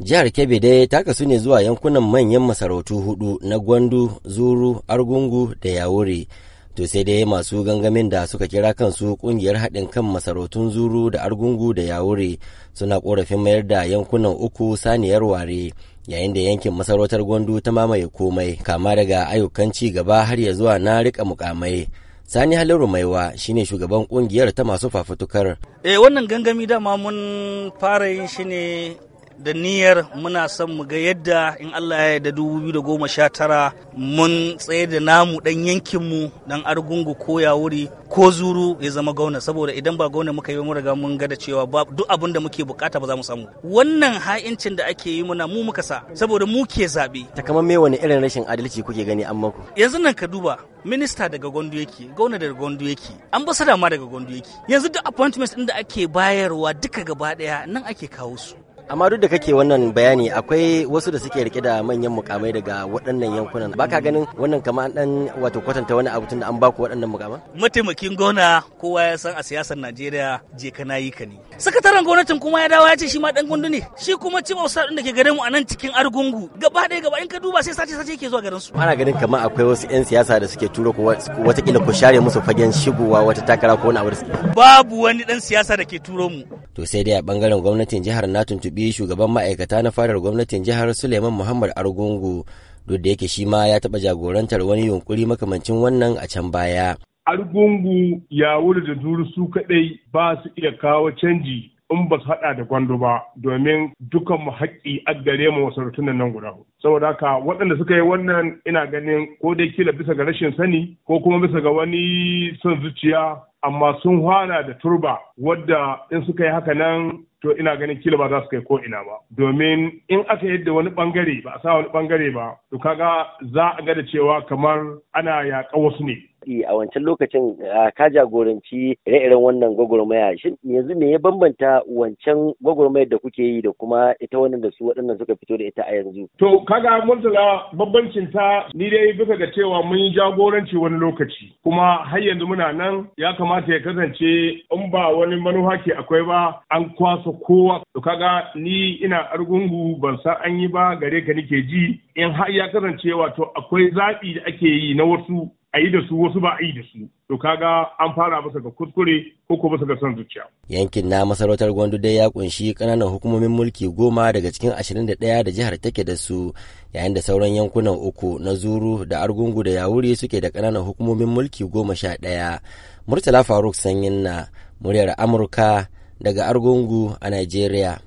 Jihar Kebbi dai ta kasu ne zuwa yankunan manyan masarautu hudu na Gwandu, Zuru, Argungu da Yawuri. To sai dai masu gangamin da suka kira kansu kungiyar haɗin kan masarautun Zuru da Argungu da Yawuri suna korafin mayar da yankunan uku saniyar ware yayin da yankin masarautar Gwandu ta mamaye komai kama daga ayyukan ci gaba har ya zuwa na rika mukamai. Sani Haliru Maiwa shine shugaban kungiyar ta masu fafutukar. Eh wannan gangami dama mun fara yin shi ne da niyyar muna son mu ga yadda in Allah ya da 2019 mun tsaye da namu dan yankinmu dan argungu ko yawuri ko zuru ya zama gauna saboda idan ba gauna muka yi mu riga mun ga da cewa ba duk abin da muke bukata ba za mu samu wannan ha'incin da ake yi muna mu muka sa saboda mu ke zabe me wani irin rashin adalci kuke gani an maku yanzu nan ka duba minista daga gondo yake gauna daga gondo yake ambassador ma daga gondo yake yanzu duk appointments din da ake bayarwa duka gaba daya nan ake kawo su amma duk da kake wannan bayani akwai wasu da suke rike da manyan mukamai daga waɗannan yankunan baka ganin wannan kama dan wato kwatanta wani abu tunda an baku waɗannan mukama mataimakin gona kowa ya san a siyasar Najeriya je kana yi ka ne sakataren gwamnatin kuma ya dawo ya ce shi ma dan gundu ne shi kuma ci bausa din da ke garin mu a nan cikin argungu gaba ɗaya gaba in ka duba sai sace sace yake zuwa garin su ana ganin kamar akwai wasu yan siyasa da suke turo ku kila ku share musu fagen shigowa wata takara ko wani abu babu wani dan siyasa da ke turo mu to sai dai a bangaren gwamnatin jihar na tuntubi shugaban ma'aikata na fadar gwamnatin jihar Suleiman Muhammad Argungu duk da yake shi ma ya taɓa jagorantar wani yunkuri makamancin wannan a can baya. Argungu ya wuri da duru su kaɗai ba su iya kawo canji in ba su haɗa da gwando ba domin dukanmu mu haƙƙi a gare mu nan guda hudu. saboda haka waɗanda suka yi wannan ina ganin ko dai kila bisa ga rashin sani ko kuma bisa ga wani son zuciya amma sun hana da turba wadda in suka yi haka nan to ina ganin kila ba za su kai ko ina ba domin in aka yadda wani bangare ba a sa wani bangare ba to kaga za a ga da cewa kamar ana yaƙa wasu ne a wancan lokacin ka jagoranci ire-iren wannan gwagwarmaya shin yanzu me ya bambanta wancan gwagwarmayar da kuke yi da kuma ita wannan da su waɗannan suka fito da ita a yanzu to kaga murtala babbancin ta ni dai bisa ga cewa mun yi jagoranci wani lokaci kuma har yanzu muna nan ya kamata ya kasance in ba wani manuha ke akwai ba an kwasa kowa to kaga ni ina argungu ban san an yi ba gare ka nike ji in har ya kasance wato akwai zaɓi da ake yi na wasu a yi da su wasu ba a yi da su to kaga an fara masa ga kuskure ko kuma masa ga son zuciya yankin na masarautar gwandu dai ya kunshi kananan hukumomin mulki goma daga cikin 21 da jihar take da su yayin da sauran yankunan uku na zuru da argungu da yawuri suke da kananan hukumomin mulki goma sha ɗaya murtala faruk sanyin na muryar amurka daga argungu a Najeriya.